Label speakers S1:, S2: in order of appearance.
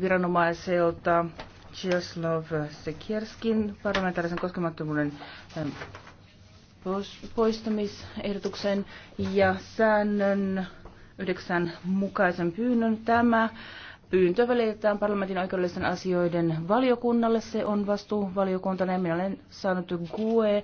S1: viranomaiselta Czeslaw Sekierskin parlamentaarisen koskemattomuuden poistamisehdotuksen ja säännön yhdeksän mukaisen pyynnön. Tämä pyyntö välitetään parlamentin oikeudellisten asioiden valiokunnalle. Se on vastuuvaliokunta. Minä olen
S2: saanut GUE